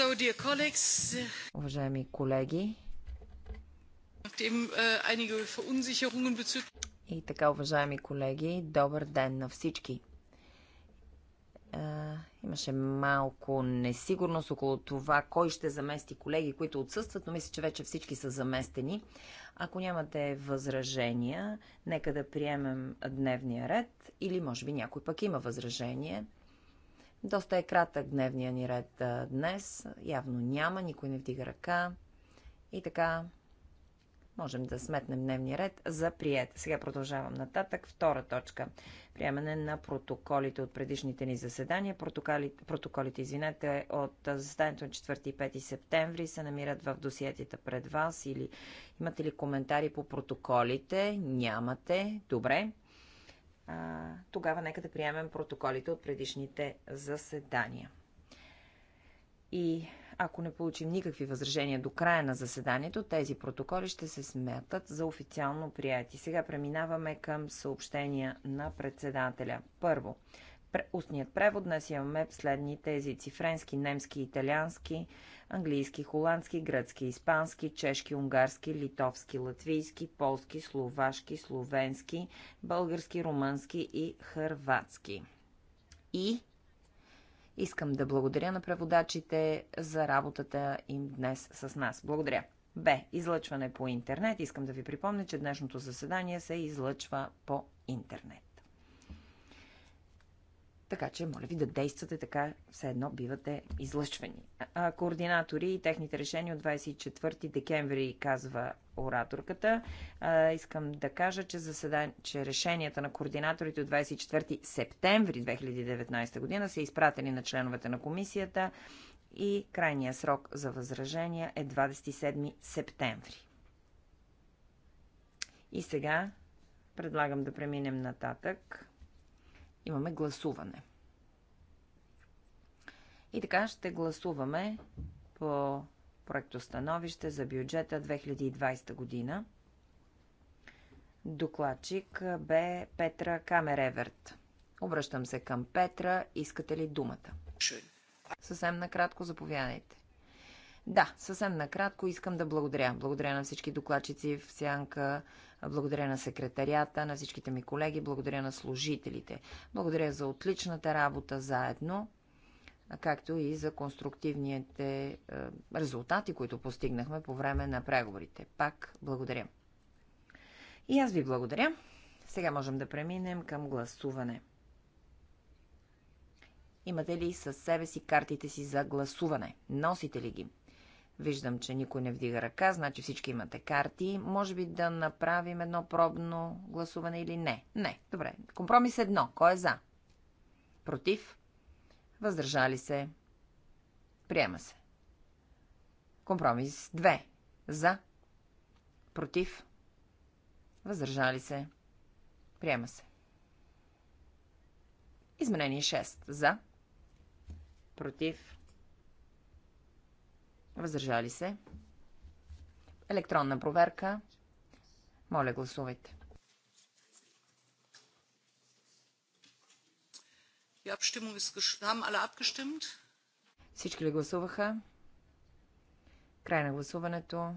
So, Уважаеми колеги, äh, и така, уважаеми колеги, добър ден на всички. Е, имаше малко несигурност около това, кой ще замести колеги, които отсъстват, но мисля, че вече всички са заместени. Ако нямате възражения, нека да приемем дневния ред или може би някой пък има възражение – доста е кратък дневния ни ред днес. Явно няма, никой не вдига ръка. И така, можем да сметнем дневния ред за прият. Сега продължавам нататък. Втора точка. Приемане на протоколите от предишните ни заседания. Протоколите, протоколите извинете, от заседанието на 4 и 5 септември се намират в досиетите пред вас или имате ли коментари по протоколите? Нямате. Добре а, тогава нека да приемем протоколите от предишните заседания. И ако не получим никакви възражения до края на заседанието, тези протоколи ще се смятат за официално прияти. Сега преминаваме към съобщения на председателя. Първо, устният превод днес имаме следните езици. Френски, немски, италиански, английски, холандски, гръцки, испански, чешки, унгарски, литовски, латвийски, полски, словашки, словенски, български, румънски и хърватски. И искам да благодаря на преводачите за работата им днес с нас. Благодаря! Б. Излъчване по интернет. Искам да ви припомня, че днешното заседание се излъчва по интернет. Така че, моля ви да действате така, все едно бивате излъчвани. А, координатори и техните решения от 24 декември, казва ораторката. А, искам да кажа, че, заседан... че решенията на координаторите от 24 септември 2019 година са изпратени на членовете на комисията и крайният срок за възражения е 27 септември. И сега предлагам да преминем нататък имаме гласуване. И така ще гласуваме по проектостановище за бюджета 2020 година. Докладчик бе Петра Камереверт. Обръщам се към Петра. Искате ли думата? Съвсем накратко заповядайте. Да, съвсем накратко искам да благодаря. Благодаря на всички докладчици в Сянка, благодаря на секретарията, на всичките ми колеги, благодаря на служителите. Благодаря за отличната работа заедно както и за конструктивните е, резултати, които постигнахме по време на преговорите. Пак благодаря. И аз ви благодаря. Сега можем да преминем към гласуване. Имате ли със себе си картите си за гласуване? Носите ли ги? Виждам, че никой не вдига ръка, значи всички имате карти. Може би да направим едно пробно гласуване или не? Не. Добре. Компромис едно. Кой е за? Против? Въздържали се. Приема се. Компромис 2. За. Против. Въздържали се. Приема се. Изменение 6. За. Против. Въздържали се. Електронна проверка. Моля, гласувайте. Всички ли гласуваха? Край на гласуването.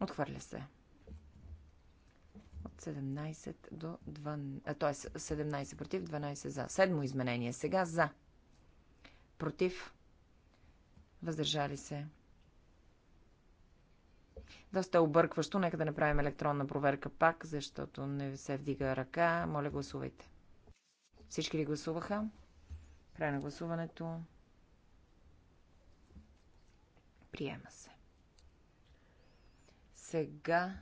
Отхвърля се. От 17 до 12... А, т.е. 17 против, 12 за. Седмо изменение. Сега за. Против. Въздържали се. Доста объркващо. Нека да направим електронна проверка пак, защото не се вдига ръка. Моля, гласувайте. Всички ли гласуваха? Край на гласуването. Приема се. Сега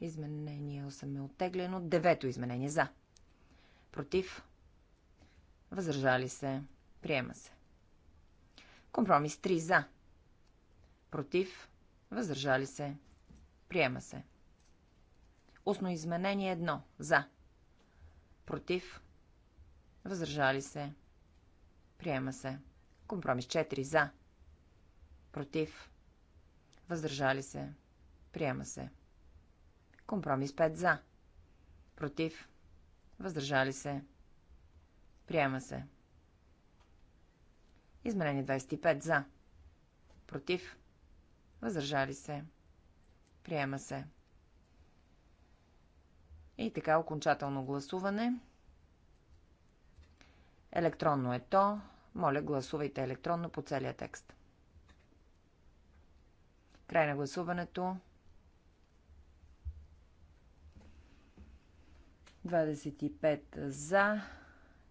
изменение 8 е оттеглено. Девето изменение за. Против. Възражали се. Приема се. Компромис 3 за. Против. Въздържали се. Приема се. Устно изменение 1. За. Против. Въздържали се. Приема се. Компромис 4. За. Против. Въздържали се. Приема се. Компромис 5. За. Против. Въздържали се. Приема се. Изменение 25. За. Против. Въздържали се. Приема се. И така окончателно гласуване. Електронно е то. Моля, гласувайте електронно по целия текст. Край на гласуването. 25 за,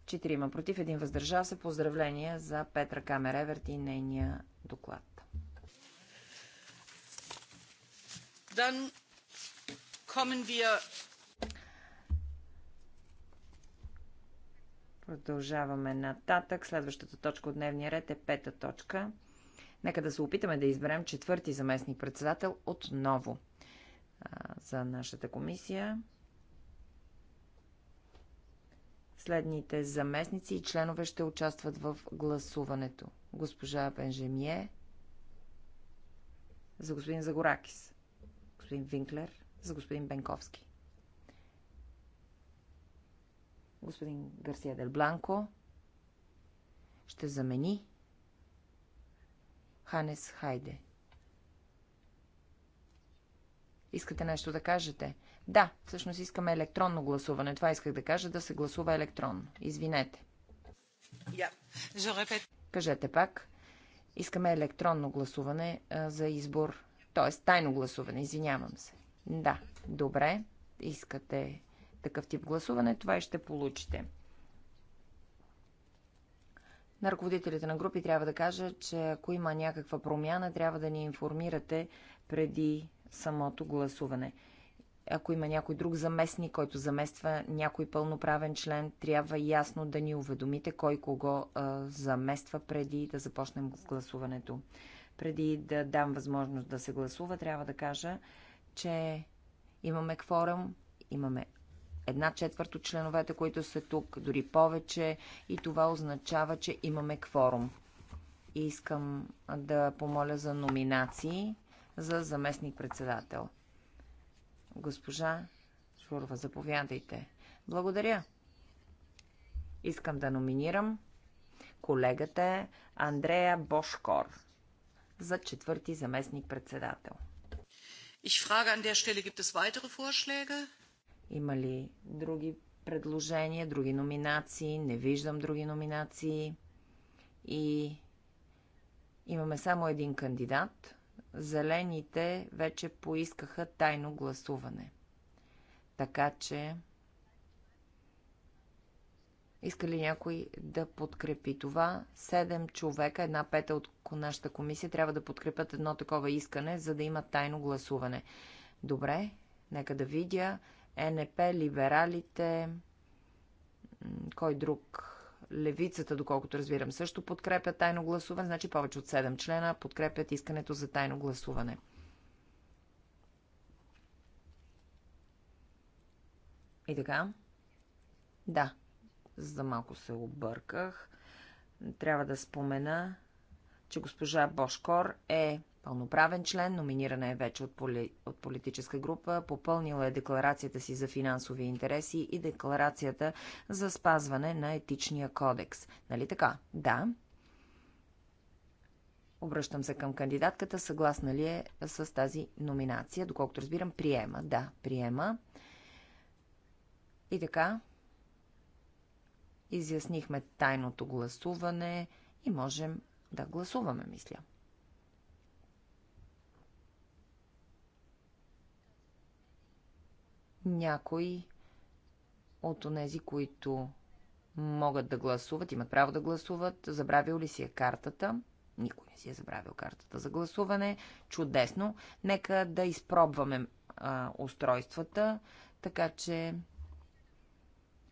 4 против, 1 въздържал се. Поздравления за Петра Еверт и нейния доклад. Dann kommen wir Продължаваме нататък. Следващата точка от дневния ред е пета точка. Нека да се опитаме да изберем четвърти заместник председател отново а, за нашата комисия. Следните заместници и членове ще участват в гласуването. Госпожа Бенжемие за господин Загоракис господин Винклер, за господин Бенковски. Господин Гарсия Дел Бланко ще замени Ханес Хайде. Искате нещо да кажете? Да, всъщност искаме електронно гласуване. Това исках да кажа, да се гласува електронно. Извинете. Yeah. Кажете пак. Искаме електронно гласуване а, за избор т.е. тайно гласуване, извинявам се. Да, добре, искате такъв тип гласуване, това и ще получите. На ръководителите на групи трябва да кажа, че ако има някаква промяна, трябва да ни информирате преди самото гласуване. Ако има някой друг заместник, който замества някой пълноправен член, трябва ясно да ни уведомите кой кого а, замества преди да започнем гласуването преди да дам възможност да се гласува, трябва да кажа, че имаме кворум, имаме една четвърт от членовете, които са тук, дори повече, и това означава, че имаме кворум. И Искам да помоля за номинации за заместник-председател. Госпожа Шурва, заповядайте. Благодаря. Искам да номинирам колегата Андрея Бошкор за четвърти заместник-председател. Има ли други предложения, други номинации? Не виждам други номинации. И имаме само един кандидат. Зелените вече поискаха тайно гласуване. Така че иска ли някой да подкрепи това? Седем човека, една пета от нашата комисия, трябва да подкрепят едно такова искане, за да има тайно гласуване. Добре, нека да видя. НП, либералите, кой друг? Левицата, доколкото разбирам, също подкрепят тайно гласуване, значи повече от 7 члена подкрепят искането за тайно гласуване. И така? Да за малко се обърках. Трябва да спомена, че госпожа Бошкор е пълноправен член, номинирана е вече от, поли... от политическа група, попълнила е декларацията си за финансови интереси и декларацията за спазване на етичния кодекс. Нали така? Да. Обръщам се към кандидатката. Съгласна ли е с тази номинация? Доколкото разбирам, приема. Да, приема. И така, изяснихме тайното гласуване и можем да гласуваме, мисля. Някои от онези, които могат да гласуват, имат право да гласуват, забравил ли си е картата? Никой не си е забравил картата за гласуване. Чудесно. Нека да изпробваме а, устройствата, така че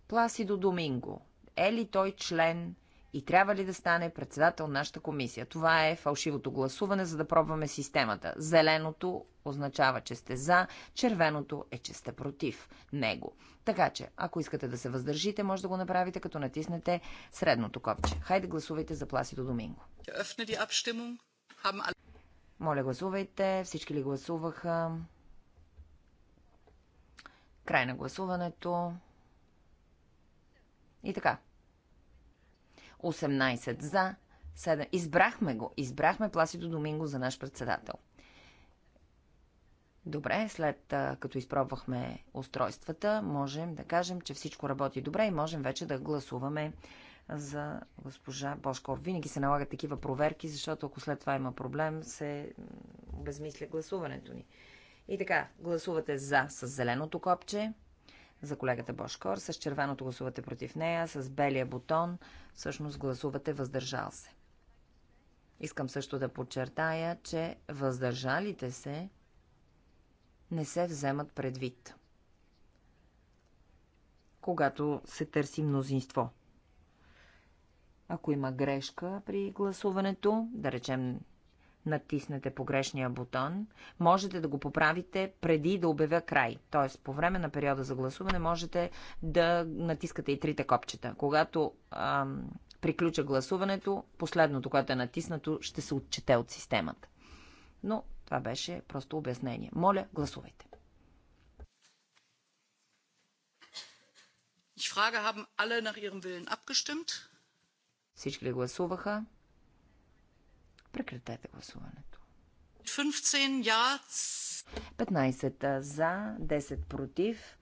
Пласидо Доминго е ли той член и трябва ли да стане председател на нашата комисия. Това е фалшивото гласуване, за да пробваме системата. Зеленото означава, че сте за, червеното е, че сте против него. Така че, ако искате да се въздържите, може да го направите, като натиснете средното копче. Хайде гласувайте за Пласидо Доминго. Моля, гласувайте. Всички ли гласуваха? Край на гласуването. И така. 18 за, 7. Избрахме го. Избрахме Пласидо Доминго за наш председател. Добре, след като изпробвахме устройствата, можем да кажем, че всичко работи добре и можем вече да гласуваме за госпожа Бошков. Винаги се налагат такива проверки, защото ако след това има проблем, се безмисля гласуването ни. И така, гласувате за с зеленото копче, за колегата Бошкор. С червеното гласувате против нея, с белия бутон всъщност гласувате въздържал се. Искам също да подчертая, че въздържалите се не се вземат предвид, когато се търси мнозинство. Ако има грешка при гласуването, да речем натиснете погрешния бутон, можете да го поправите преди да обявя край. Т.е. по време на периода за гласуване можете да натискате и трите копчета. Когато ам, приключа гласуването, последното, което е натиснато, ще се отчете от системата. Но това беше просто обяснение. Моля, гласувайте. Ich frage, haben alle nach ihrem Willen abgestimmt? Всички ли гласуваха? Прекратете гласуването. 15 за, 10 против,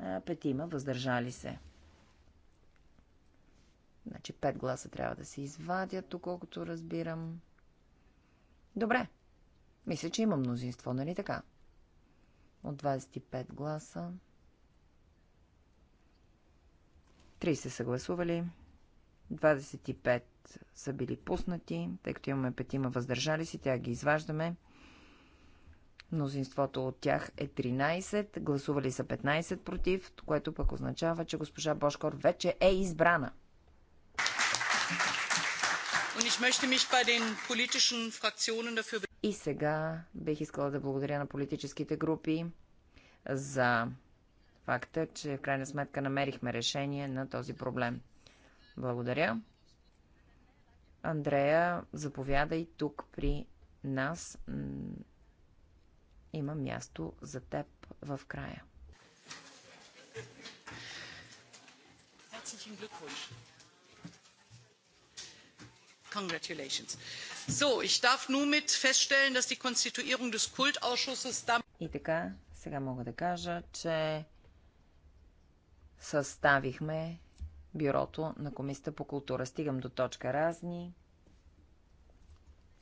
5 има въздържали се. Значи 5 гласа трябва да се извадят, доколкото разбирам. Добре. Мисля, че има мнозинство, нали така? От 25 гласа. 30 са гласували. 25 са били пуснати, тъй като имаме петима въздържали си, тя ги изваждаме. Мнозинството от тях е 13, гласували са 15 против, което пък означава, че госпожа Бошкор вече е избрана. И сега бих искала да благодаря на политическите групи за факта, че в крайна сметка намерихме решение на този проблем. Благодаря. Андрея, заповядай тук при нас. Има място за теб в края. Herzlichen Glückwunsch. Congratulations. So, ich darf nun mit feststellen, dass die Konstituierung des Kultausschusses И така, сега мога да кажа, че съставихме бюрото на Комисията по култура. Стигам до точка разни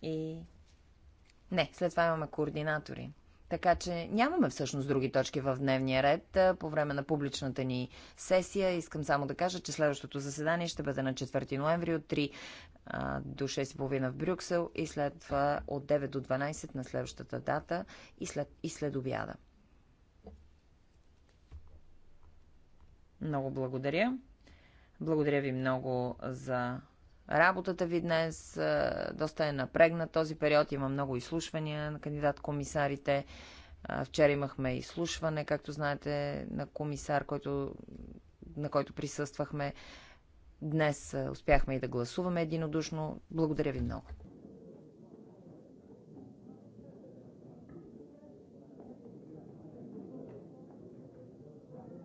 и... Не, след това имаме координатори. Така че нямаме всъщност други точки в дневния ред по време на публичната ни сесия. Искам само да кажа, че следващото заседание ще бъде на 4 ноември от 3 до 6.30 в Брюксел и след това от 9 до 12 на следващата дата и след, и след обяда. Много благодаря. Благодаря ви много за работата ви днес. Е, доста е напрегнат този период. Има много изслушвания на кандидат-комисарите. Е, вчера имахме изслушване, както знаете, на комисар, който, на който присъствахме. Днес е, успяхме и да гласуваме единодушно. Благодаря ви много.